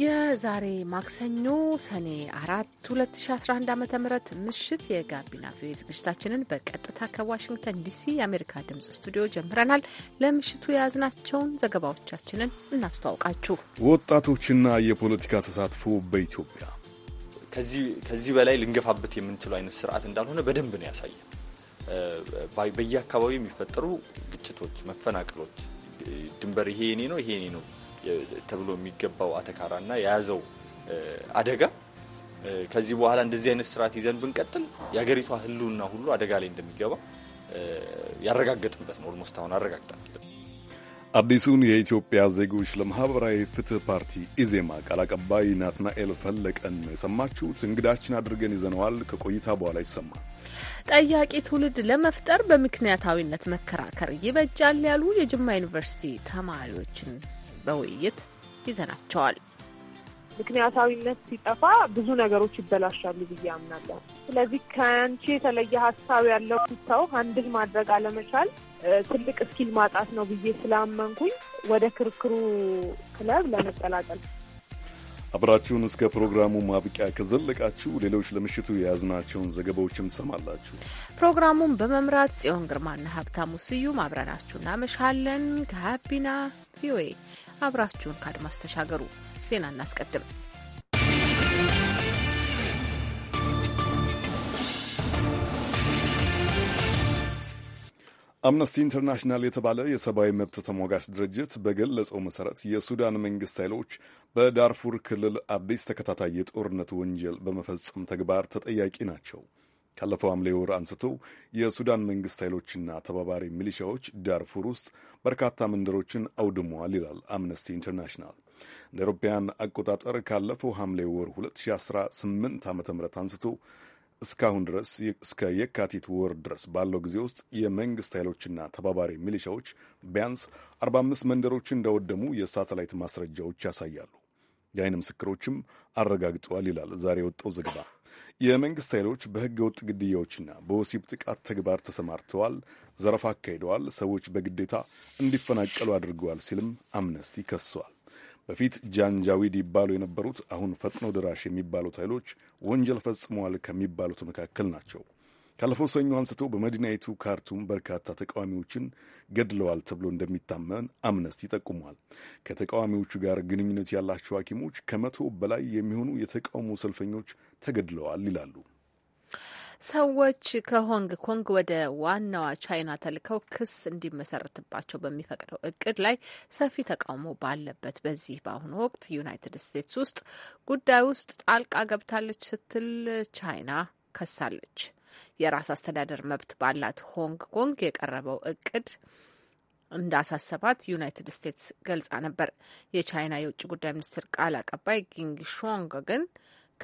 የዛሬ ማክሰኞ ሰኔ አራት 2011 ዓ ም ምሽት የጋቢና ቪኦኤ ዝግጅታችንን በቀጥታ ከዋሽንግተን ዲሲ የአሜሪካ ድምጽ ስቱዲዮ ጀምረናል። ለምሽቱ የያዝናቸውን ዘገባዎቻችንን እናስተዋውቃችሁ። ወጣቶችና የፖለቲካ ተሳትፎ በኢትዮጵያ ከዚህ በላይ ልንገፋበት የምንችለው አይነት ስርዓት እንዳልሆነ በደንብ ነው ያሳየ። በየአካባቢው የሚፈጠሩ ግጭቶች፣ መፈናቀሎች፣ ድንበር ይሄ የኔ ነው ይሄ የኔ ነው ተብሎ የሚገባው አተካራና የያዘው አደጋ ከዚህ በኋላ እንደዚህ አይነት ስርዓት ይዘን ብንቀጥል የሀገሪቷ ሕልውና ሁሉ አደጋ ላይ እንደሚገባ ያረጋገጥንበት ነው። ኦልሞስት አሁን አረጋግጠናል። አዲሱን የኢትዮጵያ ዜጎች ለማህበራዊ ፍትህ ፓርቲ ኢዜማ ቃል አቀባይ ናትናኤል ፈለቀን የሰማችሁት። እንግዳችን አድርገን ይዘነዋል። ከቆይታ በኋላ ይሰማል። ጠያቂ ትውልድ ለመፍጠር በምክንያታዊነት መከራከር ይበጃል ያሉ የጅማ ዩኒቨርሲቲ ተማሪዎችን በውይይት ይዘናቸዋል። ምክንያታዊነት ሲጠፋ ብዙ ነገሮች ይበላሻሉ ብዬ አምናለሁ። ስለዚህ ከአንቺ የተለየ ሀሳብ ያለው ሰው አንድን ማድረግ አለመቻል ትልቅ እስኪል ማጣት ነው ብዬ ስላመንኩኝ ወደ ክርክሩ ክለብ ለመቀላቀል አብራችሁን እስከ ፕሮግራሙ ማብቂያ ከዘለቃችሁ ሌሎች ለምሽቱ የያዝናቸውን ዘገባዎችም ትሰማላችሁ። ፕሮግራሙን በመምራት ጽዮን ግርማና ሀብታሙ ስዩም አብረናችሁ እናመሻለን። ጋቢና ቪኦኤ አብራችሁን ከአድማስ ተሻገሩ። ዜና እናስቀድም። አምነስቲ ኢንተርናሽናል የተባለ የሰብአዊ መብት ተሟጋች ድርጅት በገለጸው መሠረት የሱዳን መንግሥት ኃይሎች በዳርፉር ክልል አዲስ ተከታታይ የጦርነት ወንጀል በመፈጸም ተግባር ተጠያቂ ናቸው ካለፈው ሐምሌ ወር አንስቶ የሱዳን መንግሥት ኃይሎችና ተባባሪ ሚሊሻዎች ዳርፉር ውስጥ በርካታ መንደሮችን አውድመዋል ይላል አምነስቲ ኢንተርናሽናል። እንደ አውሮፓውያን አቆጣጠር ካለፈው ሐምሌ ወር 2018 ዓ ም አንስቶ እስካሁን ድረስ እስከ የካቲት ወር ድረስ ባለው ጊዜ ውስጥ የመንግሥት ኃይሎችና ተባባሪ ሚሊሻዎች ቢያንስ 45 መንደሮችን እንዳወደሙ የሳተላይት ማስረጃዎች ያሳያሉ። የአይን ምስክሮችም አረጋግጠዋል ይላል ዛሬ የወጣው ዘገባ። የመንግስት ኃይሎች በህገ ወጥ ግድያዎችና በወሲብ ጥቃት ተግባር ተሰማርተዋል፣ ዘረፋ አካሂደዋል፣ ሰዎች በግዴታ እንዲፈናቀሉ አድርገዋል ሲልም አምነስቲ ከሷል። በፊት ጃንጃዊድ ይባሉ የነበሩት አሁን ፈጥኖ ድራሽ የሚባሉት ኃይሎች ወንጀል ፈጽመዋል ከሚባሉት መካከል ናቸው። ካለፈው ሰኞ አንስቶ በመዲናይቱ ካርቱም በርካታ ተቃዋሚዎችን ገድለዋል ተብሎ እንደሚታመን አምነስቲ ጠቁሟል። ከተቃዋሚዎቹ ጋር ግንኙነት ያላቸው ሐኪሞች ከመቶ በላይ የሚሆኑ የተቃውሞ ሰልፈኞች ተገድለዋል ይላሉ። ሰዎች ከሆንግ ኮንግ ወደ ዋናዋ ቻይና ተልከው ክስ እንዲመሰረትባቸው በሚፈቅደው እቅድ ላይ ሰፊ ተቃውሞ ባለበት በዚህ በአሁኑ ወቅት ዩናይትድ ስቴትስ ውስጥ ጉዳይ ውስጥ ጣልቃ ገብታለች ስትል ቻይና ከሳለች። የራስ አስተዳደር መብት ባላት ሆንግ ኮንግ የቀረበው እቅድ እንዳሳሰባት ዩናይትድ ስቴትስ ገልጻ ነበር። የቻይና የውጭ ጉዳይ ሚኒስትር ቃል አቀባይ ጊንግ ሾንግ ግን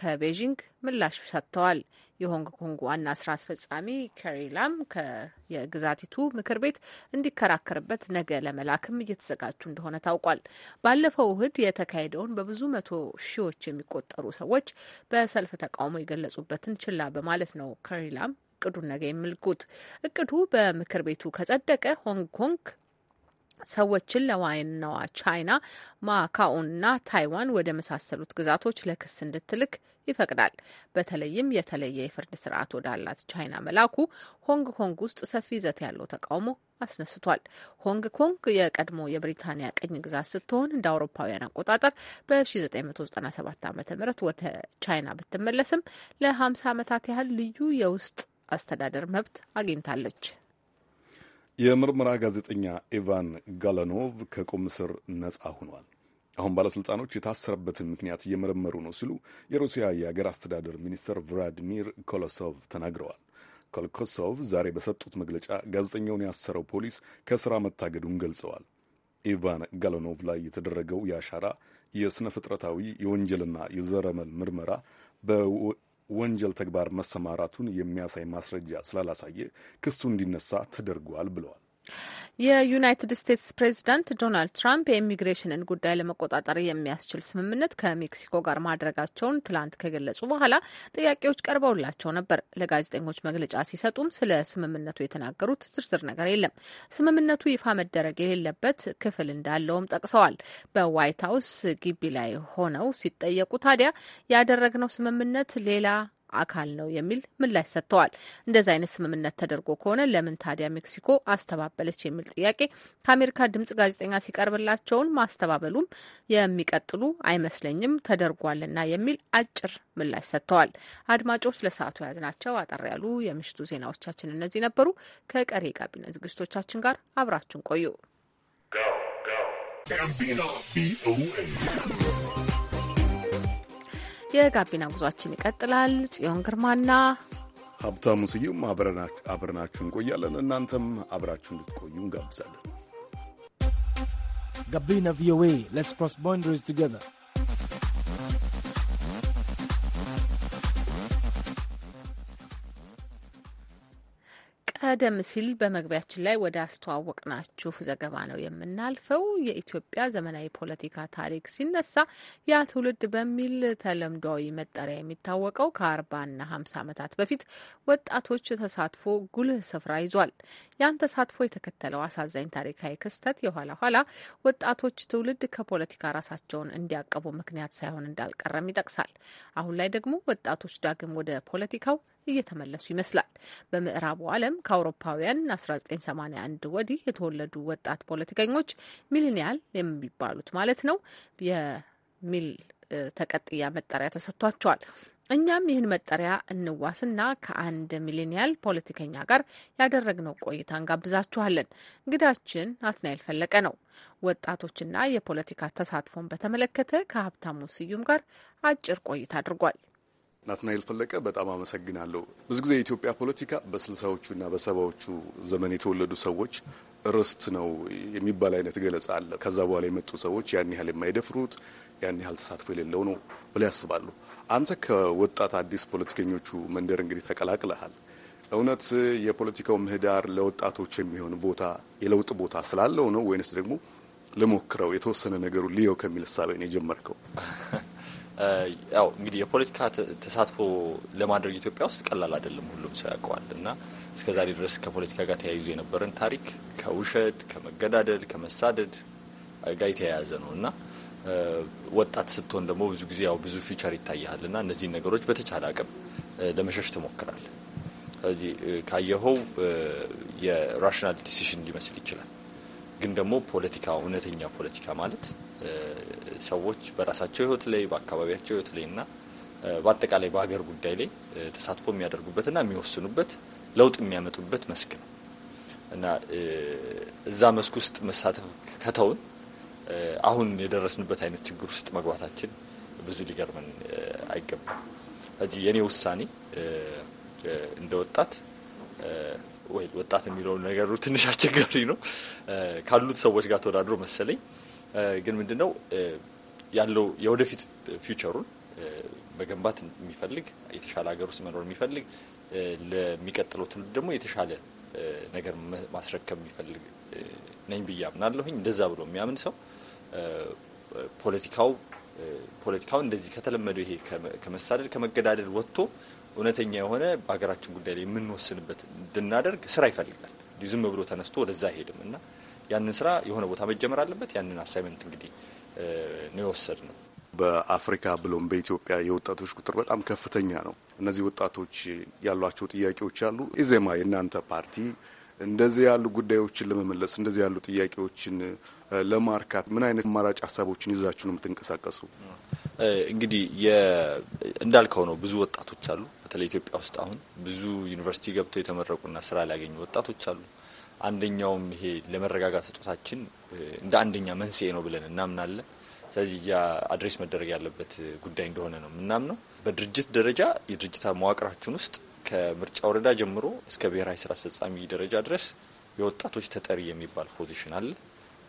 ከቤዥንግ ምላሽ ሰጥተዋል። የሆንግ ኮንግ ዋና ስራ አስፈጻሚ ከሪ ላም የግዛቲቱ ምክር ቤት እንዲከራከርበት ነገ ለመላክም እየተዘጋጁ እንደሆነ ታውቋል። ባለፈው እሁድ የተካሄደውን በብዙ መቶ ሺዎች የሚቆጠሩ ሰዎች በሰልፍ ተቃውሞ የገለጹበትን ችላ በማለት ነው ከሪላም ላም እቅዱን ነገ የሚልኩት። እቅዱ በምክር ቤቱ ከጸደቀ ሆንግ ኮንግ ሰዎችን ለዋናዋ ቻይና ማካኦና ታይዋን ወደ መሳሰሉት ግዛቶች ለክስ እንድትልክ ይፈቅዳል። በተለይም የተለየ የፍርድ ስርዓት ወዳላት ቻይና መላኩ ሆንግ ኮንግ ውስጥ ሰፊ ይዘት ያለው ተቃውሞ አስነስቷል። ሆንግ ኮንግ የቀድሞ የብሪታንያ ቅኝ ግዛት ስትሆን እንደ አውሮፓውያን አቆጣጠር በ1997 ዓ ም ወደ ቻይና ብትመለስም ለ50 ዓመታት ያህል ልዩ የውስጥ አስተዳደር መብት አግኝታለች። የምርመራ ጋዜጠኛ ኢቫን ጋለኖቭ ከቁም ስር ነጻ ሆኗል። አሁን ባለሥልጣኖች የታሰረበትን ምክንያት እየመረመሩ ነው ሲሉ የሩሲያ የአገር አስተዳደር ሚኒስትር ቭላዲሚር ኮሎሶቭ ተናግረዋል። ኮልኮሶቭ ዛሬ በሰጡት መግለጫ ጋዜጠኛውን ያሰረው ፖሊስ ከሥራ መታገዱን ገልጸዋል። ኢቫን ጋለኖቭ ላይ የተደረገው የአሻራ የሥነ ፍጥረታዊ የወንጀልና የዘረመል ምርመራ ወንጀል ተግባር መሰማራቱን የሚያሳይ ማስረጃ ስላላሳየ ክሱ እንዲነሳ ተደርጓል ብለዋል። የዩናይትድ ስቴትስ ፕሬዚዳንት ዶናልድ ትራምፕ የኢሚግሬሽንን ጉዳይ ለመቆጣጠር የሚያስችል ስምምነት ከሜክሲኮ ጋር ማድረጋቸውን ትላንት ከገለጹ በኋላ ጥያቄዎች ቀርበውላቸው ነበር። ለጋዜጠኞች መግለጫ ሲሰጡም ስለ ስምምነቱ የተናገሩት ዝርዝር ነገር የለም። ስምምነቱ ይፋ መደረግ የሌለበት ክፍል እንዳለውም ጠቅሰዋል። በዋይት ሀውስ ግቢ ላይ ሆነው ሲጠየቁ ታዲያ ያደረግነው ስምምነት ሌላ አካል ነው የሚል ምላሽ ሰጥተዋል። እንደዚህ አይነት ስምምነት ተደርጎ ከሆነ ለምን ታዲያ ሜክሲኮ አስተባበለች የሚል ጥያቄ ከአሜሪካ ድምጽ ጋዜጠኛ ሲቀርብላቸውን ማስተባበሉም የሚቀጥሉ አይመስለኝም ተደርጓልና የሚል አጭር ምላሽ ሰጥተዋል። አድማጮች ለሰዓቱ የያዝ ናቸው አጠር ያሉ የምሽቱ ዜናዎቻችን እነዚህ ነበሩ። ከቀሪ የጋቢና ዝግጅቶቻችን ጋር አብራችን ቆዩ። የጋቢና ጉዟችን ይቀጥላል። ጽዮን ግርማና ሀብታሙ ስዩም አብረናችሁ እንቆያለን። እናንተም አብራችሁ እንድትቆዩ እንጋብዛለን። ጋቢና ቪኦኤ ሌትስ ክሮስ ቦንደሪስ ቱጌዘር ቀደም ሲል በመግቢያችን ላይ ወደ አስተዋወቅናችሁ ዘገባ ነው የምናልፈው። የኢትዮጵያ ዘመናዊ ፖለቲካ ታሪክ ሲነሳ ያ ትውልድ በሚል ተለምዷዊ መጠሪያ የሚታወቀው ከአርባና ሀምሳ ዓመታት በፊት ወጣቶች ተሳትፎ ጉልህ ስፍራ ይዟል። ያን ተሳትፎ የተከተለው አሳዛኝ ታሪካዊ ክስተት የኋላ ኋላ ወጣቶች ትውልድ ከፖለቲካ ራሳቸውን እንዲያቀቡ ምክንያት ሳይሆን እንዳልቀረም ይጠቅሳል። አሁን ላይ ደግሞ ወጣቶች ዳግም ወደ ፖለቲካው እየተመለሱ ይመስላል። በምዕራቡ ዓለም ከአውሮፓውያን 1981 ወዲህ የተወለዱ ወጣት ፖለቲከኞች ሚሊኒያል የሚባሉት ማለት ነው የሚል ተቀጥያ መጠሪያ ተሰጥቷቸዋል። እኛም ይህን መጠሪያ እንዋስና ከአንድ ሚሊኒያል ፖለቲከኛ ጋር ያደረግነው ቆይታ እንጋብዛችኋለን። እንግዳችን አትናኤል ፈለቀ ነው። ወጣቶችና የፖለቲካ ተሳትፎን በተመለከተ ከሀብታሙ ስዩም ጋር አጭር ቆይታ አድርጓል። ናትናኤል ፈለቀ በጣም አመሰግናለሁ። ብዙ ጊዜ የኢትዮጵያ ፖለቲካ በስልሳዎቹና በሰባዎቹ ዘመን የተወለዱ ሰዎች ርስት ነው የሚባል አይነት ገለጻ አለ። ከዛ በኋላ የመጡ ሰዎች ያን ያህል የማይደፍሩት ያን ያህል ተሳትፎ የሌለው ነው ብለ ያስባሉ። አንተ ከወጣት አዲስ ፖለቲከኞቹ መንደር እንግዲህ ተቀላቅለሃል። እውነት የፖለቲካው ምህዳር ለወጣቶች የሚሆን ቦታ የለውጥ ቦታ ስላለው ነው ወይንስ ደግሞ ልሞክረው የተወሰነ ነገሩ ልየው ከሚል እሳቤ ነው የጀመርከው? ያው እንግዲህ የፖለቲካ ተሳትፎ ለማድረግ ኢትዮጵያ ውስጥ ቀላል አይደለም፣ ሁሉም ሰው ያውቀዋል። እና እስከ ዛሬ ድረስ ከፖለቲካ ጋር ተያይዞ የነበረን ታሪክ ከውሸት፣ ከመገዳደል፣ ከመሳደድ ጋር የተያያዘ ነው እና ወጣት ስትሆን ደግሞ ብዙ ጊዜ ያው ብዙ ፊውቸር ይታያሃል እና እነዚህን ነገሮች በተቻለ አቅም ለመሸሽ ትሞክራል። ስለዚህ ካየኸው የራሽናል ዲሲሽን ሊመስል ይችላል ግን ደግሞ ፖለቲካ እውነተኛ ፖለቲካ ማለት ሰዎች በራሳቸው ህይወት ላይ በአካባቢያቸው ህይወት ላይ እና በአጠቃላይ በሀገር ጉዳይ ላይ ተሳትፎ የሚያደርጉበትና የሚወስኑበት ለውጥ የሚያመጡበት መስክ ነው እና እዛ መስክ ውስጥ መሳተፍ ከተውን አሁን የደረስንበት አይነት ችግር ውስጥ መግባታችን ብዙ ሊገርመን አይገባም። እዚህ የእኔ ውሳኔ እንደ ወጣት ወይ ወጣት የሚለው ነገሩ ትንሽ አስቸጋሪ ነው። ካሉት ሰዎች ጋር ተወዳድሮ መሰለኝ። ግን ምንድነው ያለው የወደፊት ፊውቸሩን መገንባት የሚፈልግ የተሻለ ሀገር ውስጥ መኖር የሚፈልግ ለሚቀጥለው ትውልድ ደግሞ የተሻለ ነገር ማስረከብ የሚፈልግ ነኝ ብዬ አምናለሁኝ። እንደዛ ብሎ የሚያምን ሰው ፖለቲካው ፖለቲካውን እንደዚህ ከተለመደው ይሄ ከመሳደድ ከመገዳደል ወጥቶ እውነተኛ የሆነ በሀገራችን ጉዳይ ላይ የምንወስንበት እንድናደርግ ስራ ይፈልጋል። እንዲሁ ዝም ብሎ ተነስቶ ወደዛ አይሄድም እና ያንን ስራ የሆነ ቦታ መጀመር አለበት። ያንን አሳይመንት እንግዲህ ነው የወሰድ ነው። በአፍሪካ ብሎም በኢትዮጵያ የወጣቶች ቁጥር በጣም ከፍተኛ ነው። እነዚህ ወጣቶች ያሏቸው ጥያቄዎች አሉ። ኢዜማ የእናንተ ፓርቲ እንደዚህ ያሉ ጉዳዮችን ለመመለስ እንደዚህ ያሉ ጥያቄዎችን ለማርካት ምን አይነት አማራጭ ሀሳቦችን ይዛችሁ ነው የምትንቀሳቀሱ? እንግዲህ እንዳልከው ነው። ብዙ ወጣቶች አሉ። በተለይ ኢትዮጵያ ውስጥ አሁን ብዙ ዩኒቨርሲቲ ገብተው የተመረቁና ስራ ሊያገኙ ወጣቶች አሉ። አንደኛውም ይሄ ለመረጋጋት ስጦታችን እንደ አንደኛ መንስኤ ነው ብለን እናምናለን። ስለዚህ ያ አድሬስ መደረግ ያለበት ጉዳይ እንደሆነ ነው የምናምነው። በድርጅት ደረጃ የድርጅታ መዋቅራችን ውስጥ ከምርጫ ወረዳ ጀምሮ እስከ ብሔራዊ ስራ አስፈጻሚ ደረጃ ድረስ የወጣቶች ተጠሪ የሚባል ፖዚሽን አለ።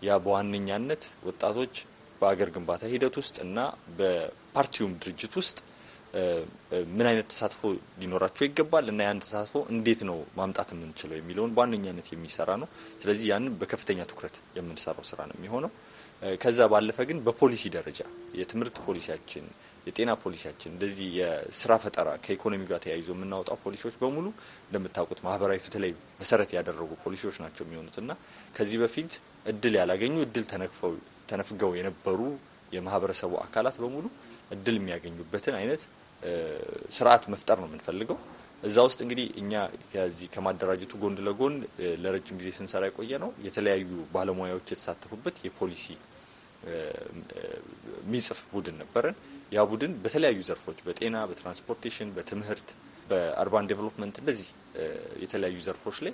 ያ በዋነኛነት ወጣቶች በአገር ግንባታ ሂደት ውስጥ እና በፓርቲውም ድርጅት ውስጥ ምን አይነት ተሳትፎ ሊኖራቸው ይገባል እና ያን ተሳትፎ እንዴት ነው ማምጣት የምንችለው የሚለውን በዋነኛነት የሚሰራ ነው። ስለዚህ ያንን በከፍተኛ ትኩረት የምንሰራው ስራ ነው የሚሆነው። ከዛ ባለፈ ግን በፖሊሲ ደረጃ የትምህርት ፖሊሲያችን፣ የጤና ፖሊሲያችን፣ እንደዚህ የስራ ፈጠራ ከኢኮኖሚ ጋር ተያይዞ የምናወጣው ፖሊሲዎች በሙሉ እንደምታውቁት ማህበራዊ ፍትህ ላይ መሰረት ያደረጉ ፖሊሲዎች ናቸው የሚሆኑት እና ከዚህ በፊት እድል ያላገኙ እድል ተነፍገው የነበሩ የማህበረሰቡ አካላት በሙሉ እድል የሚያገኙበትን አይነት ስርዓት መፍጠር ነው የምንፈልገው። እዛ ውስጥ እንግዲህ እኛ ከዚህ ከማደራጀቱ ጎን ለጎን ለረጅም ጊዜ ስንሰራ የቆየ ነው የተለያዩ ባለሙያዎች የተሳተፉበት የፖሊሲ ሚጽፍ ቡድን ነበረን። ያ ቡድን በተለያዩ ዘርፎች በጤና፣ በትራንስፖርቴሽን፣ በትምህርት፣ በአርባን ዴቨሎፕመንት እንደዚህ የተለያዩ ዘርፎች ላይ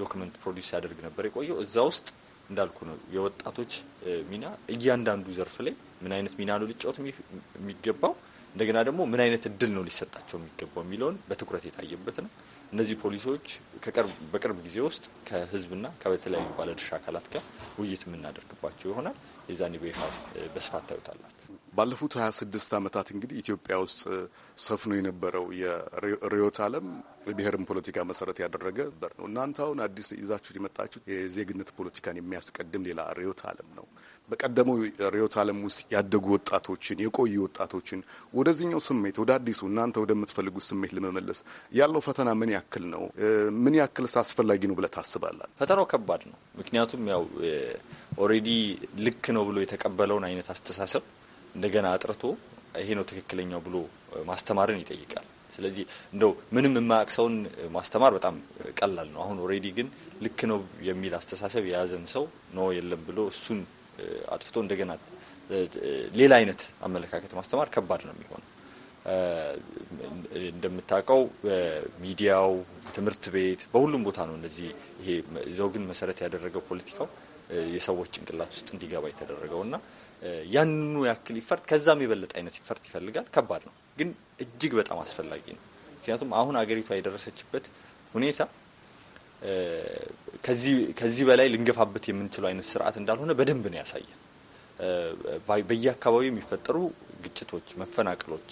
ዶክመንት ፕሮዲስ ሲያደርግ ነበር የቆየው። እዛ ውስጥ እንዳልኩ ነው የወጣቶች ሚና እያንዳንዱ ዘርፍ ላይ ምን አይነት ሚና ነው ሊጫወት የሚገባው፣ እንደገና ደግሞ ምን አይነት እድል ነው ሊሰጣቸው የሚገባው የሚለውን በትኩረት የታየበት ነው። እነዚህ ፖሊሶች በቅርብ ጊዜ ውስጥ ከህዝብና ከበተለያዩ ባለድርሻ አካላት ጋር ውይይት የምናደርግባቸው ይሆናል። የዛኔ በይፋ በስፋት ታዩታላችሁ። ባለፉት ስድስት ዓመታት እንግዲህ ኢትዮጵያ ውስጥ ሰፍኖ የነበረው የርዕዮተ ዓለም ብሔርን ፖለቲካ መሰረት ያደረገ በር ነው። እናንተ አሁን አዲስ ይዛችሁ የመጣችሁ የዜግነት ፖለቲካን የሚያስቀድም ሌላ ርዕዮተ ዓለም ነው። በቀደመው ርዕዮተ ዓለም ውስጥ ያደጉ ወጣቶችን የቆዩ ወጣቶችን ወደዚህኛው ስሜት ወደ አዲሱ እናንተ ወደምትፈልጉት ስሜት ለመመለስ ያለው ፈተና ምን ያክል ነው? ምን ያክልስ አስፈላጊ ነው ብለህ ታስባለህ? ፈተናው ከባድ ነው። ምክንያቱም ያው ኦልሬዲ ልክ ነው ብሎ የተቀበለውን አይነት አስተሳሰብ እንደገና አጥርቶ ይሄ ነው ትክክለኛው ብሎ ማስተማርን ይጠይቃል። ስለዚህ እንደው ምንም የማያውቅ ሰውን ማስተማር በጣም ቀላል ነው። አሁን ኦልሬዲ ግን ልክ ነው የሚል አስተሳሰብ የያዘን ሰው ኖ የለም ብሎ እሱን አጥፍቶ እንደገና ሌላ አይነት አመለካከት ማስተማር ከባድ ነው የሚሆነው። እንደምታውቀው በሚዲያው፣ ትምህርት ቤት፣ በሁሉም ቦታ ነው እነዚህ ይሄ ዘውግን መሰረት ያደረገው ፖለቲካው የሰዎች ጭንቅላት ውስጥ እንዲገባ የተደረገው እና ያንኑ ያክል ይፈርት ከዛም የበለጠ አይነት ይፈርት ይፈልጋል። ከባድ ነው ግን እጅግ በጣም አስፈላጊ ነው። ምክንያቱም አሁን አገሪቷ የደረሰችበት ሁኔታ ከዚህ በላይ ልንገፋበት የምንችለው አይነት ስርዓት እንዳልሆነ በደንብ ነው ያሳየን። በየአካባቢው የሚፈጠሩ ግጭቶች፣ መፈናቀሎች፣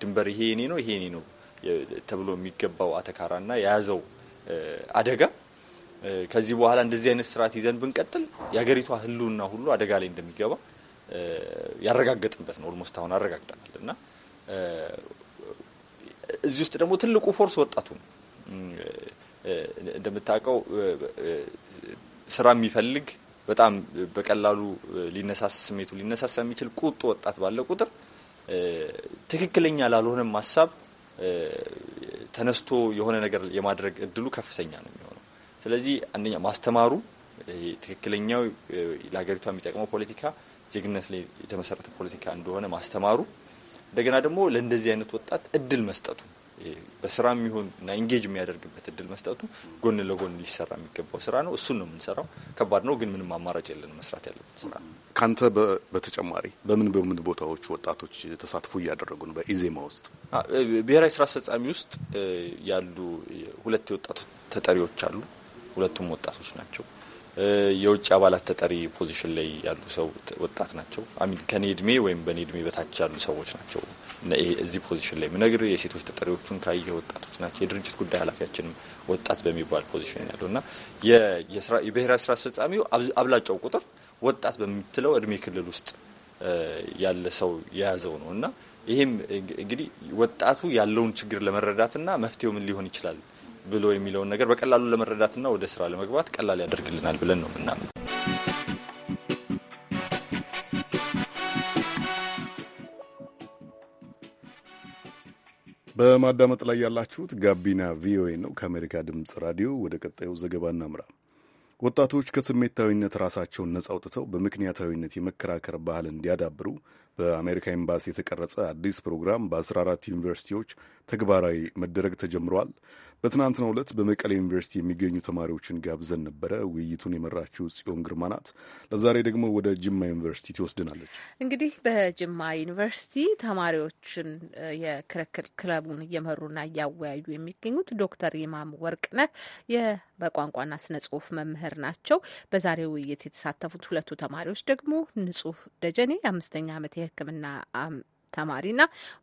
ድንበር ይሄ የኔ ነው ይሄ የኔ ነው ተብሎ የሚገባው አተካራና የያዘው አደጋ ከዚህ በኋላ እንደዚህ አይነት ስርዓት ይዘን ብንቀጥል የሀገሪቷ ሕልውና ሁሉ አደጋ ላይ እንደሚገባ ያረጋገጥንበት ነው። ኦልሞስት አሁን አረጋግጠናል እና እዚህ ውስጥ ደግሞ ትልቁ ፎርስ ወጣቱ ነው። እንደምታውቀው ስራ የሚፈልግ በጣም በቀላሉ ሊነሳስ ስሜቱ ሊነሳሳ የሚችል ቁጡ ወጣት ባለ ቁጥር ትክክለኛ ላልሆነም ሀሳብ ተነስቶ የሆነ ነገር የማድረግ እድሉ ከፍተኛ ነው የሚሆነው። ስለዚህ አንደኛ ማስተማሩ ትክክለኛው ለሀገሪቷ የሚጠቅመው ፖለቲካ ዜግነት ላይ የተመሰረተ ፖለቲካ እንደሆነ ማስተማሩ፣ እንደገና ደግሞ ለእንደዚህ አይነት ወጣት እድል መስጠቱ በስራ የሚሆን እና ኢንጌጅ የሚያደርግበት እድል መስጠቱ ጎን ለጎን ሊሰራ የሚገባው ስራ ነው። እሱን ነው የምንሰራው። ከባድ ነው፣ ግን ምንም አማራጭ የለን። መስራት ያለበት ስራ ነው። ከአንተ በተጨማሪ በምን በምን ቦታዎች ወጣቶች ተሳትፎ እያደረጉ ነው? በኢዜማ ውስጥ ብሔራዊ ስራ አስፈጻሚ ውስጥ ያሉ ሁለት የወጣቶች ተጠሪዎች አሉ። ሁለቱም ወጣቶች ናቸው። የውጭ አባላት ተጠሪ ፖዚሽን ላይ ያሉ ሰው ወጣት ናቸው። አሚን ከኔ እድሜ ወይም በኔድሜ እድሜ በታች ያሉ ሰዎች ናቸው። እዚህ ፖዚሽን ላይ ምነግር የሴቶች ተጠሪዎቹን ካየ ወጣቶች ናቸው። የድርጅት ጉዳይ ኃላፊያችንም ወጣት በሚባል ፖዚሽን ያለው እና የብሔራዊ ስራ አስፈጻሚው አብላጫው ቁጥር ወጣት በምትለው እድሜ ክልል ውስጥ ያለ ሰው የያዘው ነው እና ይህም እንግዲህ ወጣቱ ያለውን ችግር ለመረዳትና መፍትሄው ምን ሊሆን ይችላል ብሎ የሚለውን ነገር በቀላሉ ለመረዳትና ወደ ስራ ለመግባት ቀላል ያደርግልናል ብለን ነው ምናምን በማዳመጥ ላይ ያላችሁት ጋቢና ቪኦኤ ነው ከአሜሪካ ድምፅ ራዲዮ። ወደ ቀጣዩ ዘገባ እናምራ። ወጣቶች ከስሜታዊነት ራሳቸውን ነጻ አውጥተው በምክንያታዊነት የመከራከር ባህል እንዲያዳብሩ በአሜሪካ ኤምባሲ የተቀረጸ አዲስ ፕሮግራም በ14 ዩኒቨርሲቲዎች ተግባራዊ መደረግ ተጀምሯል። በትናንትናው ዕለት በመቀሌ ዩኒቨርሲቲ የሚገኙ ተማሪዎችን ጋብዘን ነበረ። ውይይቱን የመራችው ጽዮን ግርማ ናት። ለዛሬ ደግሞ ወደ ጅማ ዩኒቨርሲቲ ትወስድናለች። እንግዲህ በጅማ ዩኒቨርሲቲ ተማሪዎችን የክርክር ክለቡን እየመሩና እያወያዩ የሚገኙት ዶክተር ኢማም ወርቅነህ በቋንቋና ስነ ጽሁፍ መምህር ናቸው። በዛሬው ውይይት የተሳተፉት ሁለቱ ተማሪዎች ደግሞ ንጹህ ደጀኔ የአምስተኛ ዓመት የሕክምና ተማሪና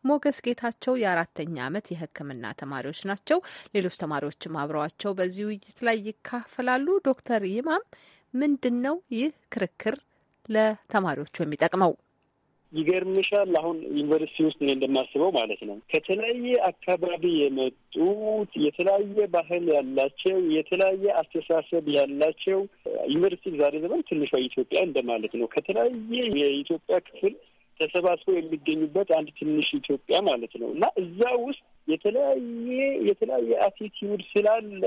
ሞገስ ጌታቸው የአራተኛ ዓመት የሕክምና ተማሪዎች ናቸው። ሌሎች ተማሪዎችም አብረዋቸው በዚህ ውይይት ላይ ይካፈላሉ። ዶክተር ይማም ምንድን ነው ይህ ክርክር ለተማሪዎቹ የሚጠቅመው? ይገርምሻል። አሁን ዩኒቨርሲቲ ውስጥ እኔ እንደማስበው ማለት ነው ከተለያየ አካባቢ የመጡት የተለያየ ባህል ያላቸው የተለያየ አስተሳሰብ ያላቸው ዩኒቨርሲቲ ዛሬ ዘመን ትንሿ ኢትዮጵያ እንደማለት ነው። ከተለያየ የኢትዮጵያ ክፍል ተሰባስበው የሚገኙበት አንድ ትንሽ ኢትዮጵያ ማለት ነው እና እዛ ውስጥ የተለያየ የተለያየ አቲቲዩድ ስላለ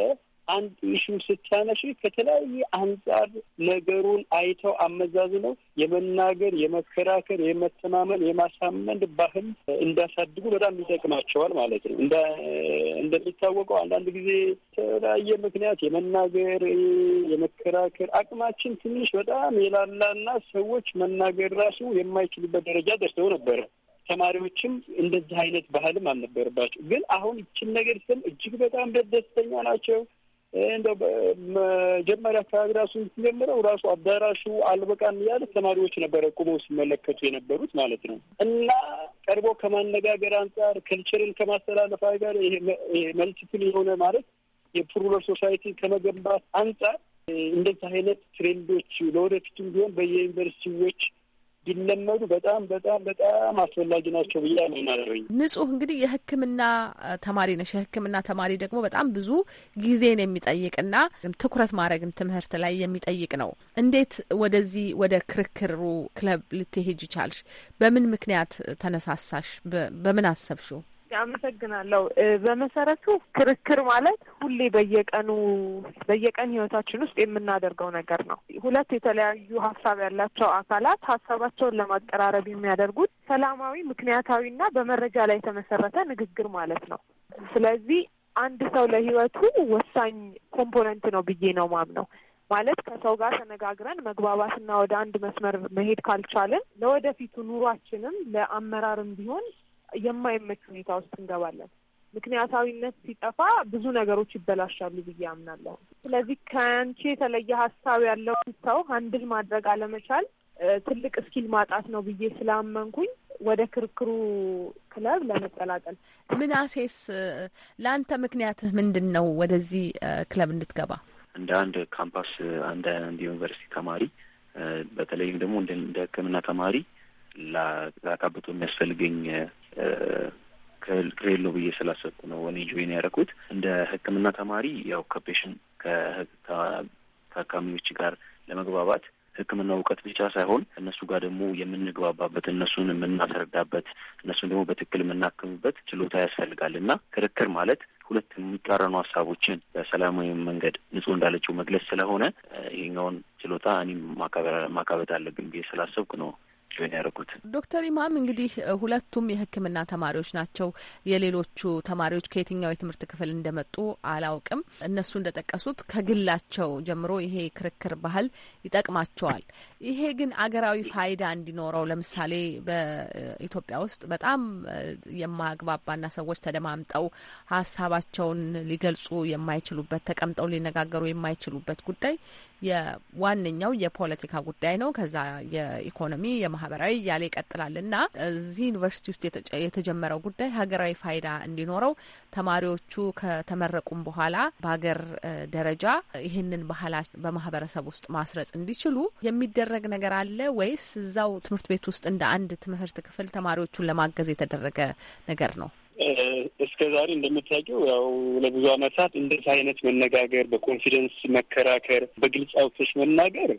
አንድ ኢሹ ስታነሺ ከተለያየ አንጻር ነገሩን አይተው አመዛዝነው የመናገር፣ የመከራከር፣ የመተማመን፣ የማሳመን ባህል እንዳሳድጉ በጣም ይጠቅማቸዋል ማለት ነው። እንደሚታወቀው አንዳንድ ጊዜ የተለያየ ምክንያት የመናገር፣ የመከራከር አቅማችን ትንሽ በጣም የላላና ሰዎች መናገር ራሱ የማይችሉበት ደረጃ ደርሰው ነበረ። ተማሪዎችም እንደዚህ አይነት ባህልም አልነበረባቸው። ግን አሁን ይችን ነገር ስም እጅግ በጣም ደስተኛ ናቸው። እንደ መጀመሪያ አካባቢ ራሱ ሲጀምረው ራሱ አዳራሹ አልበቃን እያለ ተማሪዎች ነበረ ቁመው ሲመለከቱ የነበሩት ማለት ነው። እና ቀርቦ ከማነጋገር አንጻር ከልቸርን ከማስተላለፋ ጋር ይሄ መልቲፕል የሆነ ማለት የፕሩለር ሶሳይቲ ከመገንባት አንጻር እንደዚህ አይነት ትሬንዶች ለወደፊቱም ቢሆን በየዩኒቨርሲቲዎች ቢለመዱ በጣም በጣም በጣም አስፈላጊ ናቸው ብዬ አምናለሁ። ንጹህ እንግዲህ የህክምና ተማሪ ነሽ። የህክምና ተማሪ ደግሞ በጣም ብዙ ጊዜን የሚጠይቅና ትኩረት ማድረግን ትምህርት ላይ የሚጠይቅ ነው። እንዴት ወደዚህ ወደ ክርክሩ ክለብ ልትሄጅ ይቻልሽ? በምን ምክንያት ተነሳሳሽ? በምን አሰብሽው? አመሰግናለሁ። በመሰረቱ ክርክር ማለት ሁሌ በየቀኑ በየቀን ህይወታችን ውስጥ የምናደርገው ነገር ነው። ሁለት የተለያዩ ሀሳብ ያላቸው አካላት ሀሳባቸውን ለማቀራረብ የሚያደርጉት ሰላማዊ፣ ምክንያታዊና በመረጃ ላይ የተመሰረተ ንግግር ማለት ነው። ስለዚህ አንድ ሰው ለህይወቱ ወሳኝ ኮምፖነንት ነው ብዬ ነው ማምነው። ማለት ከሰው ጋር ተነጋግረን መግባባትና ወደ አንድ መስመር መሄድ ካልቻልን ለወደፊቱ ኑሯችንም ለአመራርም ቢሆን የማይመች ሁኔታ ውስጥ እንገባለን። ምክንያታዊነት ሲጠፋ ብዙ ነገሮች ይበላሻሉ ብዬ አምናለሁ። ስለዚህ ከአንቺ የተለየ ሀሳብ ያለው ሰው ሀንድል ማድረግ አለመቻል ትልቅ እስኪል ማጣት ነው ብዬ ስላመንኩኝ ወደ ክርክሩ ክለብ ለመቀላቀል። ምናሴስ ለአንተ ምክንያትህ ምንድን ነው ወደዚህ ክለብ እንድትገባ? እንደ አንድ ካምፓስ እንደ አንድ ዩኒቨርሲቲ ተማሪ በተለይም ደግሞ እንደ ሕክምና ተማሪ ላካብቶ የሚያስፈልገኝ ከሌለው ነው ብዬ ስላሰብኩ ነው እኔ ጆይን ያደረኩት። እንደ ህክምና ተማሪ ያው ከፔሽን ከታካሚዎች ጋር ለመግባባት ህክምና እውቀት ብቻ ሳይሆን እነሱ ጋር ደግሞ የምንግባባበት እነሱን የምናስረዳበት እነሱን ደግሞ በትክክል የምናክምበት ችሎታ ያስፈልጋል እና ክርክር ማለት ሁለት የሚቃረኑ ሀሳቦችን በሰላማዊ መንገድ ንጹህ እንዳለችው መግለጽ ስለሆነ ይሄኛውን ችሎታ እኔም ማካበት አለብኝ ብዬ ስላሰብኩ ነው ጆይን ያደረጉት። ዶክተር ኢማም እንግዲህ ሁለቱም የህክምና ተማሪዎች ናቸው። የሌሎቹ ተማሪዎች ከየትኛው የትምህርት ክፍል እንደመጡ አላውቅም። እነሱ እንደጠቀሱት ከግላቸው ጀምሮ ይሄ ክርክር ባህል ይጠቅማቸዋል። ይሄ ግን አገራዊ ፋይዳ እንዲኖረው ለምሳሌ በኢትዮጵያ ውስጥ በጣም የማግባባና ሰዎች ተደማምጠው ሀሳባቸውን ሊገልጹ የማይችሉበት ተቀምጠው ሊነጋገሩ የማይችሉበት ጉዳይ የዋነኛው የፖለቲካ ጉዳይ ነው። ከዛ የኢኮኖሚ የማህበራዊ እያለ ይቀጥላል እና እዚህ ዩኒቨርሲቲ ውስጥ የተጀመረው ጉዳይ ሀገራዊ ፋይዳ እንዲኖረው ተማሪዎቹ ከተመረቁም በኋላ በሀገር ደረጃ ይህንን ባህላ በማህበረሰብ ውስጥ ማስረጽ እንዲችሉ የሚደረግ ነገር አለ ወይስ እዛው ትምህርት ቤት ውስጥ እንደ አንድ ትምህርት ክፍል ተማሪዎቹን ለማገዝ የተደረገ ነገር ነው? እስከ ዛሬ እንደምታውቂው ያው ለብዙ ዓመታት እንደዚህ አይነት መነጋገር፣ በኮንፊደንስ መከራከር፣ በግልጽ አውቶች መናገር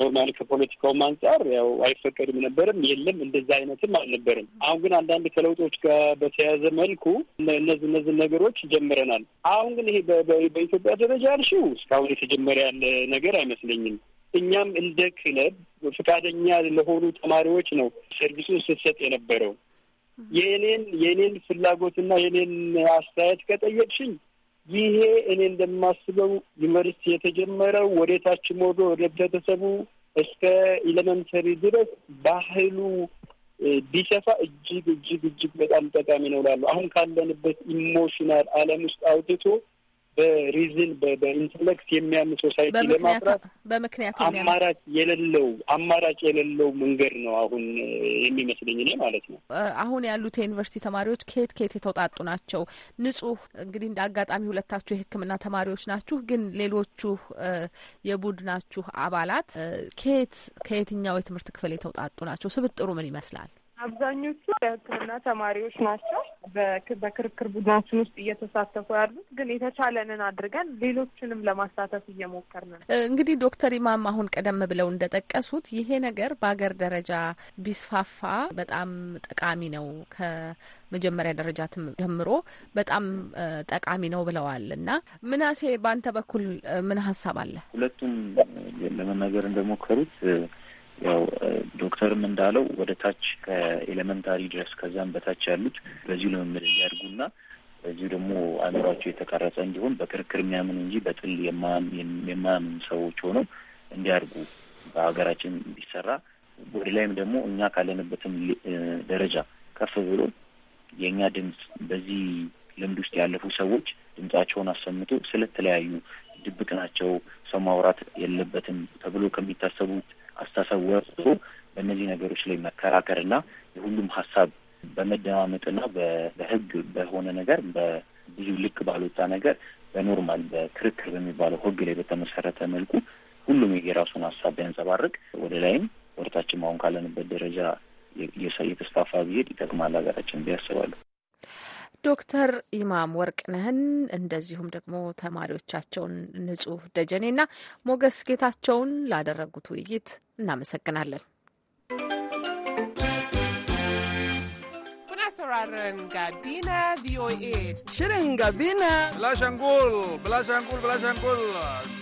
ኖርማሊ ከፖለቲካውም አንጻር ያው አይፈቀድም ነበርም የለም እንደዛ አይነትም አልነበርም። አሁን ግን አንዳንድ ከለውጦች ጋር በተያያዘ መልኩ እነዚህ እነዚህ ነገሮች ጀምረናል። አሁን ግን ይሄ በኢትዮጵያ ደረጃ ያልሽው እስካሁን የተጀመረ ያለ ነገር አይመስለኝም። እኛም እንደ ክለብ ፈቃደኛ ለሆኑ ተማሪዎች ነው ሰርቪሱን ስትሰጥ የነበረው የእኔን የእኔን ፍላጎትና የእኔን አስተያየት ከጠየቅሽኝ ይሄ እኔ እንደማስበው ዩኒቨርሲቲ የተጀመረው ወደ ታች ወርዶ ወደ ህብረተሰቡ እስከ ኢለመንተሪ ድረስ ባህሉ ቢሰፋ እጅግ እጅግ እጅግ በጣም ጠቃሚ ነው እላለሁ። አሁን ካለንበት ኢሞሽናል ዓለም ውስጥ አውጥቶ በሪዝን በኢንተሌክት የሚያምን ሶሳይቲ ለማፍራት በምክንያት አማራጭ የሌለው አማራጭ የሌለው መንገድ ነው አሁን የሚመስለኝ እኔ ማለት ነው። አሁን ያሉት የዩኒቨርሲቲ ተማሪዎች ከየት ከየት የተውጣጡ ናቸው? ንጹህ እንግዲህ እንደ አጋጣሚ ሁለታችሁ የሕክምና ተማሪዎች ናችሁ፣ ግን ሌሎቹ የቡድናችሁ አባላት ከየት ከየትኛው የትምህርት ክፍል የተውጣጡ ናቸው? ስብጥሩ ምን ይመስላል? አብዛኞቹ የሕክምና ተማሪዎች ናቸው። በክርክር ቡድናችን ውስጥ እየተሳተፉ ያሉት ግን የተቻለንን አድርገን ሌሎችንም ለማሳተፍ እየሞከር ነው። እንግዲህ ዶክተር ኢማም አሁን ቀደም ብለው እንደጠቀሱት ይሄ ነገር በሀገር ደረጃ ቢስፋፋ በጣም ጠቃሚ ነው መጀመሪያ ደረጃ ጀምሮ በጣም ጠቃሚ ነው ብለዋል። እና ምናሴ፣ በአንተ በኩል ምን ሀሳብ አለ? ሁለቱም ለመናገር እንደሞከሩት ያው ዶክተርም እንዳለው ወደ ታች ከኤሌመንታሪ ድረስ ከዛም በታች ያሉት በዚሁ ልምምድ እንዲያድጉና በዚሁ ደግሞ አእምሯቸው የተቀረጸ እንዲሆን በክርክር የሚያምን እንጂ በጥል የማያምን ሰዎች ሆነው እንዲያድጉ በሀገራችን እንዲሰራ ወደ ላይም ደግሞ እኛ ካለንበትም ደረጃ ከፍ ብሎ የእኛ ድምፅ በዚህ ልምድ ውስጥ ያለፉ ሰዎች ድምጻቸውን አሰምቶ ስለተለያዩ ድብቅ ናቸው ሰው ማውራት የለበትም ተብሎ ከሚታሰቡት አስተሳሰብ ወርጦ በእነዚህ ነገሮች ላይ መከራከርና የሁሉም ሀሳብ በመደማመጥና በህግ በሆነ ነገር በብዙ ልክ ባልወጣ ነገር በኖርማል በክርክር በሚባለው ህግ ላይ በተመሰረተ መልኩ ሁሉም የራሱን ሀሳብ ቢያንጸባርቅ ወደ ላይም ወደታችም አሁን ካለንበት ደረጃ የተስፋፋ ብሄድ ይጠቅማል ሀገራችን ቢያስባሉ። ዶክተር ኢማም ወርቅነህን እንደዚሁም ደግሞ ተማሪዎቻቸውን ንጹህ ደጀኔና ሞገስ ጌታቸውን ላደረጉት ውይይት እናመሰግናለን። sauraron Gabina VOA. Shirin Gabina. Bilashangul, Bilashangul, Bilashangul.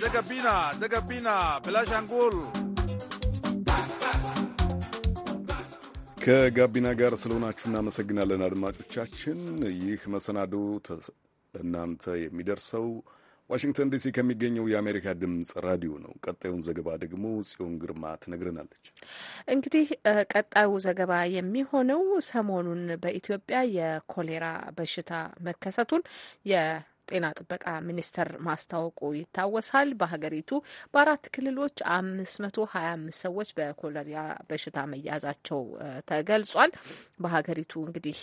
Da Gabina, da Gabina, Bilashangul. ከጋቢና ጋር ስለሆናችሁ እናመሰግናለን አድማጮቻችን። ይህ መሰናዶ ለእናንተ የሚደርሰው ዋሽንግተን ዲሲ ከሚገኘው የአሜሪካ ድምጽ ራዲዮ ነው። ቀጣዩን ዘገባ ደግሞ ጽዮን ግርማ ትነግረናለች። እንግዲህ ቀጣዩ ዘገባ የሚሆነው ሰሞኑን በኢትዮጵያ የኮሌራ በሽታ መከሰቱን ጤና ጥበቃ ሚኒስቴር ማስታወቁ ይታወሳል። በሀገሪቱ በአራት ክልሎች አምስት መቶ ሀያ አምስት ሰዎች በኮለሪያ በሽታ መያዛቸው ተገልጿል። በሀገሪቱ እንግዲህ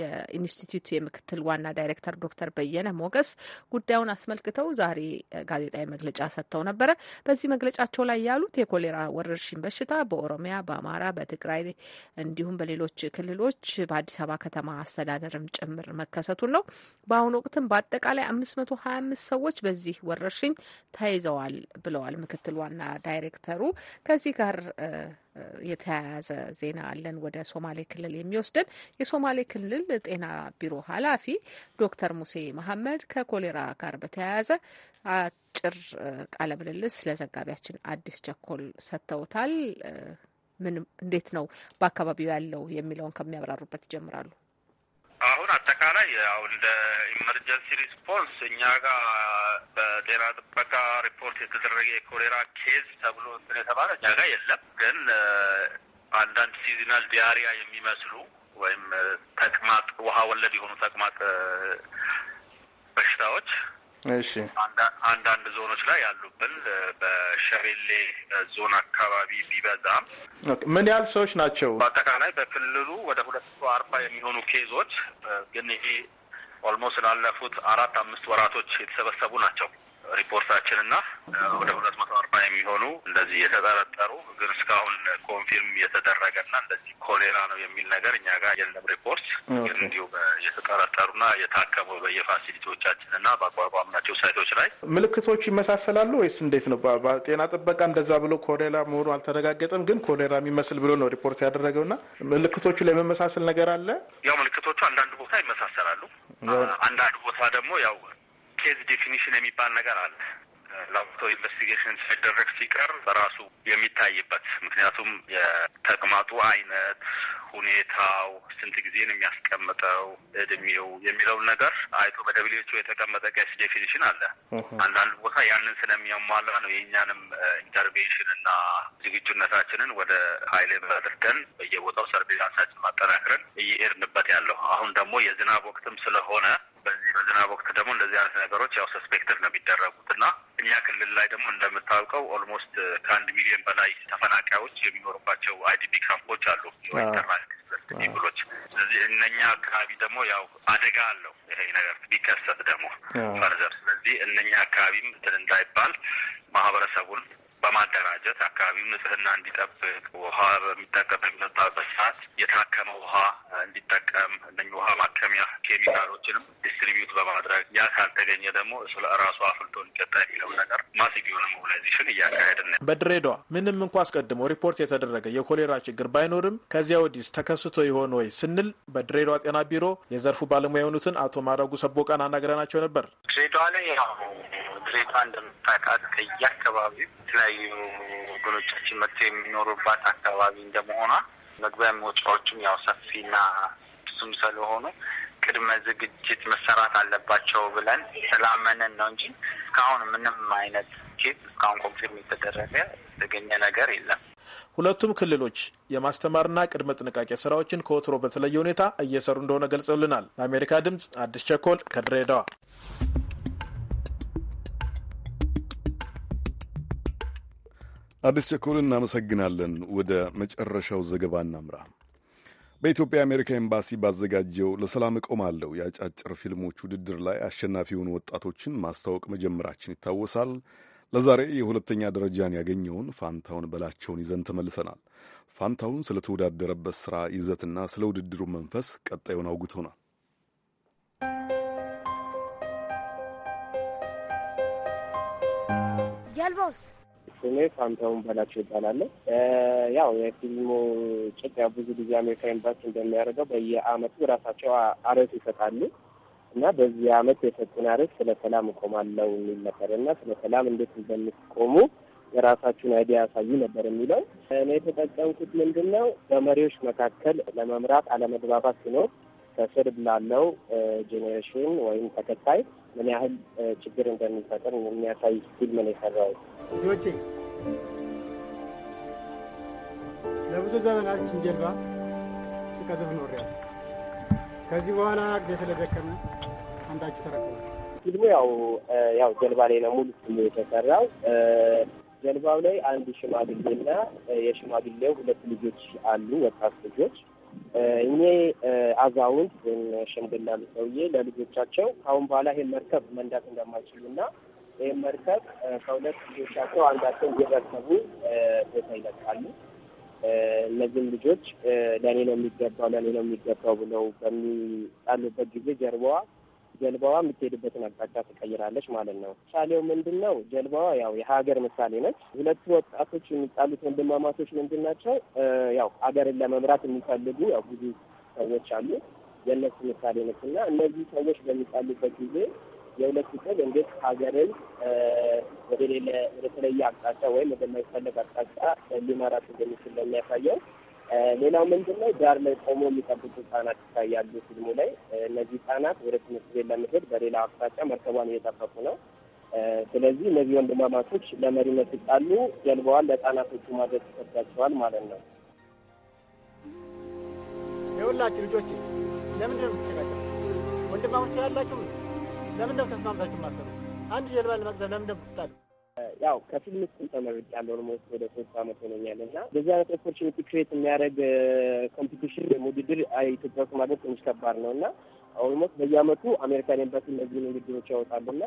የኢንስቲትዩት የምክትል ዋና ዳይሬክተር ዶክተር በየነ ሞገስ ጉዳዩን አስመልክተው ዛሬ ጋዜጣዊ መግለጫ ሰጥተው ነበረ። በዚህ መግለጫቸው ላይ ያሉት የኮሌራ ወረርሽኝ በሽታ በኦሮሚያ፣ በአማራ፣ በትግራይ እንዲሁም በሌሎች ክልሎች በአዲስ አበባ ከተማ አስተዳደርም ጭምር መከሰቱን ነው። በአሁኑ ወቅትም በአጠቃላይ በአጠቃላይ 525 ሰዎች በዚህ ወረርሽኝ ተይዘዋል ብለዋል ምክትል ዋና ዳይሬክተሩ። ከዚህ ጋር የተያያዘ ዜና አለን ወደ ሶማሌ ክልል የሚወስደን የሶማሌ ክልል ጤና ቢሮ ኃላፊ ዶክተር ሙሴ መሐመድ ከኮሌራ ጋር በተያያዘ አጭር ቃለ ምልልስ ለዘጋቢያችን አዲስ ቸኮል ሰጥተውታል። ምን እንዴት ነው በአካባቢው ያለው የሚለውን ከሚያብራሩበት ይጀምራሉ። አሁን አጠቃላይ ያው እንደ ኢመርጀንሲ ሪስፖንስ እኛ ጋር በጤና ጥበቃ ሪፖርት የተደረገ የኮሌራ ኬዝ ተብሎ እንትን የተባለ እኛ ጋር የለም። ግን uh, አንዳንድ ሲዝናል ዲያሪያ የሚመስሉ ወይም uh, ተቅማጥ ውሃ ወለድ የሆኑ ተቅማጥ uh, በሽታዎች አንዳንድ ዞኖች ላይ ያሉብን በሸቤሌ ዞን አካባቢ ቢበዛም ምን ያህል ሰዎች ናቸው? በአጠቃላይ በክልሉ ወደ ሁለት መቶ አርባ የሚሆኑ ኬዞች ግን ይሄ ኦልሞስት ላለፉት አራት አምስት ወራቶች የተሰበሰቡ ናቸው። ሪፖርታችን እና ወደ ሁለት መቶ አርባ የሚሆኑ እንደዚህ የተጠረጠሩ ግን እስካሁን ኮንፊርም የተደረገ እና እንደዚህ ኮሌራ ነው የሚል ነገር እኛ ጋር የለም። ሪፖርት ግን እንዲሁ የተጠረጠሩና የታከሙ በየፋሲሊቲዎቻችን እና በአቋቋምናቸው ሳይቶች ላይ ምልክቶች ይመሳሰላሉ ወይስ እንዴት ነው? በጤና ጥበቃ እንደዛ ብሎ ኮሌራ መሆኑ አልተረጋገጠም፣ ግን ኮሌራ የሚመስል ብሎ ነው ሪፖርት ያደረገው እና ምልክቶቹ ላይ መመሳሰል ነገር አለ። ያው ምልክቶቹ አንዳንድ ቦታ ይመሳሰላሉ፣ አንዳንድ ቦታ ደግሞ ያው ኬዝ ዴፊኒሽን የሚባል ነገር አለ። ላብቶ ኢንቨስቲጌሽን ሳይደረግ ሲቀር በራሱ የሚታይበት ምክንያቱም የተቅማጡ አይነት ሁኔታው ስንት ጊዜን የሚያስቀምጠው እድሜው የሚለውን ነገር አይቶ በደብሊዎቹ የተቀመጠ ቄስ ዴፊኒሽን አለ። አንዳንድ ቦታ ያንን ስለሚያሟላ ነው የእኛንም ኢንተርቬንሽን እና ዝግጁነታችንን ወደ ሀይል አድርገን በየቦታው ሰርቬላንሳችን ማጠናክረን እየሄድንበት ያለው። አሁን ደግሞ የዝናብ ወቅትም ስለሆነ በዚህ በዝናብ ወቅት ደግሞ እንደዚህ አይነት ነገሮች ያው ሰስፔክትድ ነው የሚደረጉት እና እኛ ክልል ላይ ደግሞ እንደምታውቀው ኦልሞስት ከአንድ ሚሊዮን በላይ ተፈናቃዮች የሚኖሩባቸው አይዲፒ ካምፖች አሉ፣ ኢንተርናሽናል ስለዚህ እነኛ አካባቢ ደግሞ ያው አደጋ አለው ይሄ ነገር ቢከሰት ደግሞ ፈርዘር። ስለዚህ እነኛ አካባቢም እንትን እንዳይባል ማህበረሰቡን በማደራጀት አካባቢው ንጽህና እንዲጠብቅ ውሃ በሚጠቀም ሰዓት የታከመ ውሃ እንዲጠቀም እነ ውሃ ማከሚያ ኬሚካሎችንም ዲስትሪቢዩት በማድረግ ያ ካልተገኘ ደግሞ ራሱ አፍልቶ እንዲጠጣ የሚለው ነገር ማሲግ የሆነ ሞቢላይዜሽን እያካሄድን ነው። በድሬዳዋ ምንም እንኳ አስቀድሞ ሪፖርት የተደረገ የኮሌራ ችግር ባይኖርም ከዚያ ወዲስ ተከስቶ ይሆን ወይ ስንል በድሬዳዋ ጤና ቢሮ የዘርፉ ባለሙያ የሆኑትን አቶ ማረጉ ሰቦቃን አናግረናቸው ነበር። ድሬዳዋ ላይ ያው ድሬዳዋ እንደምታውቃት ከየአካባቢው የተለያዩ ወገኖቻችን መጥተው የሚኖሩባት አካባቢ እንደመሆኗ መግቢያ መውጫዎቹም ያው ሰፊና ብዙም ስለሆኑ ቅድመ ዝግጅት መሰራት አለባቸው ብለን ስላመንን ነው እንጂ እስካሁን ምንም አይነት ኬት እስካሁን ኮንፊርም የተደረገ የተገኘ ነገር የለም። ሁለቱም ክልሎች የማስተማርና ቅድመ ጥንቃቄ ስራዎችን ከወትሮ በተለየ ሁኔታ እየሰሩ እንደሆነ ገልጸውልናል። ለአሜሪካ ድምፅ አዲስ ቸኮል ከድሬዳዋ አዲስ ቸኮል እናመሰግናለን። ወደ መጨረሻው ዘገባ እናምራ። በኢትዮጵያ የአሜሪካ ኤምባሲ ባዘጋጀው ለሰላም እቆማለሁ የአጫጭር ፊልሞች ውድድር ላይ አሸናፊ የሆኑ ወጣቶችን ማስታወቅ መጀመራችን ይታወሳል። ለዛሬ የሁለተኛ ደረጃን ያገኘውን ፋንታውን በላቸውን ይዘን ተመልሰናል። ፋንታውን ስለተወዳደረበት ሥራ ይዘትና ስለ ውድድሩ መንፈስ ቀጣዩን አውግቶናል። ጀልባውስ ስሜ ፋንተሙን በላቸው ይባላለሁ። ያው የፊልሙ ጭጥ ብዙ ጊዜ አሜሪካ ኤምባሲ እንደሚያደርገው በየአመቱ ራሳቸው አረት ይሰጣሉ እና በዚህ አመት የሰጡን አረት ስለ ሰላም እቆማለሁ የሚል ነበር እና ስለ ሰላም እንዴት እንደምትቆሙ የራሳችሁን አይዲያ ያሳዩ ነበር የሚለው። እኔ የተጠቀምኩት ምንድን ነው በመሪዎች መካከል ለመምራት አለመግባባት ሲኖር ከስር ላለው ጄኔሬሽን ወይም ተከታይ ምን ያህል ችግር እንደሚፈጥር የሚያሳይ ፊልም ነው የሰራው። ልጆቼ ለብዙ ዘመናት ጀልባ ስቀዝፍ ኖሬያለሁ። ከዚህ በኋላ ጊዜ ስለደከመ አንዳችሁ ተረክቧል። ፊልሙ ያው ያው ጀልባ ላይ ነው ሙሉ ፊልሙ የተሰራው። ጀልባው ላይ አንድ ሽማግሌና የሽማግሌው ሁለት ልጆች አሉ፣ ወጣት ልጆች እኚህ አዛውንት ወይም ሽምግል ሰውዬ ለልጆቻቸው ከአሁን በኋላ ይህን መርከብ መንዳት እንደማይችሉ ና ይህን መርከብ ከሁለት ልጆቻቸው አንዳቸው እየረከቡ ቦታ ይለቃሉ። እነዚህም ልጆች ለእኔ ነው የሚገባው ለእኔ ነው የሚገባው ብለው በሚጣሉበት ጊዜ ጀርባዋ ጀልባዋ የምትሄድበትን አቅጣጫ ትቀይራለች ማለት ነው። ምሳሌው ምንድን ነው? ጀልባዋ ያው የሀገር ምሳሌ ነች። ሁለቱ ወጣቶች የሚጣሉት ወንድማማቶች ምንድን ናቸው? ያው ሀገርን ለመምራት የሚፈልጉ ያው ብዙ ሰዎች አሉ። የእነሱ ምሳሌ ነች እና እነዚህ ሰዎች በሚጣሉበት ጊዜ የሁለት ጥል እንዴት ሀገርን ወደ ሌለ ወደ ተለየ አቅጣጫ ወይም ወደማይፈለግ አቅጣጫ ሊመራት እንደሚችል ለሚያሳየው ሌላው ምንድን ነው? ዳር ላይ ቆሞ የሚጠብቁ ህጻናት ይታያሉ ፊልሙ ላይ። እነዚህ ህጻናት ወደ ትምህርት ቤት ለመሄድ በሌላ አቅጣጫ መርከቧን እየጠበቁ ነው። ስለዚህ እነዚህ ወንድማማቾች ለመሪነት ሲጣሉ ጀልባዋን ለህጻናቶቹ ማድረግ ይሰዳቸዋል ማለት ነው። የሁላችሁ ልጆች ለምንድን ነው የምትሸቃቸው? ወንድማሞች ያላችሁ ለምንድን ነው ተስማምታችሁ ማሰሩ? አንድ ጀልባ ለመቅዘብ ለምንድን ነው ትጣሉ? ያው ከፊልም ስኩል ተመርቄያለሁ። ኦልሞስት ወደ ሶስት አመት ሆኖኛል እና በዚህ አይነት ኦፖርቹኒቲ ክሬት የሚያደርግ ኮምፒቲሽን ወይም ውድድር ኢትዮጵያ ውስጥ ማድረግ ትንሽ ከባድ ነው እና ኦልሞስት በየአመቱ አሜሪካን ኤምባሲ እነዚህን ውድድሮች ያወጣሉ ያወጣሉና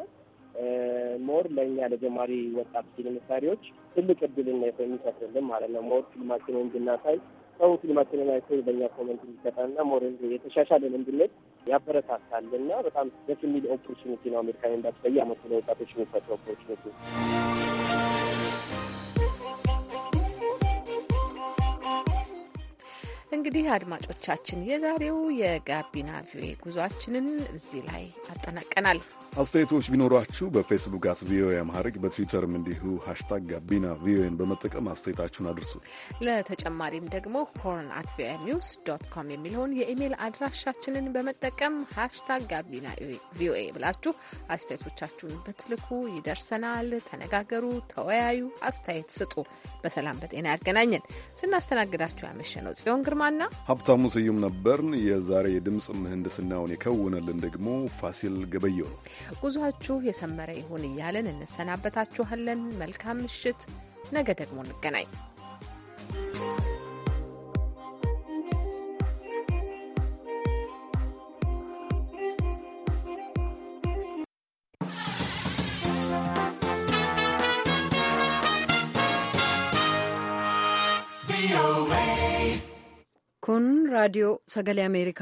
ሞር ለእኛ ለጀማሪ ወጣት ፊልም ሰሪዎች ትልቅ እድልና የሚፈጥርልን ማለት ነው። ሞር ፊልማችንን እንድናሳይ ሰው ፊልማችንን አይቶ በእኛ ኮመንት እንዲሰጠንና ሞር የተሻሻለን እንድንል ያበረታታል እና በጣም ደስ የሚል ኦፖርቹኒቲ ነው። አሜሪካን ኤምባሲ በየአመቱ ለወጣቶች የሚፈጥር ኦፖርቹኒቲ እንግዲህ አድማጮቻችን፣ የዛሬው የጋቢና ቪኦኤ ጉዟችንን እዚህ ላይ አጠናቀናል። አስተያየቶች ቢኖሯችሁ በፌስቡክ አት ቪኦኤ አማሪክ በትዊተርም እንዲሁ ሀሽታግ ጋቢና ቪኦኤን በመጠቀም አስተያየታችሁን አድርሱ። ለተጨማሪም ደግሞ ሆርን አት ቪኦኤ ኒውስ ዶት ኮም የሚለውን የኢሜይል አድራሻችንን በመጠቀም ሀሽታግ ጋቢና ቪኦኤ ብላችሁ አስተያየቶቻችሁን ብትልኩ ይደርሰናል። ተነጋገሩ፣ ተወያዩ፣ አስተያየት ስጡ። በሰላም በጤና ያገናኘን። ስናስተናግዳችሁ ያመሸነው ጽዮን ግርማና ሀብታሙ ስዩም ነበርን። የዛሬ የድምፅ ምህንድስናውን የከውነልን ደግሞ ፋሲል ገበየው ነው። ጉዟችሁ የሰመረ ይሁን እያለን እንሰናበታችኋለን። መልካም ምሽት። ነገ ደግሞ እንገናኝ። con Radio ሰገሌ America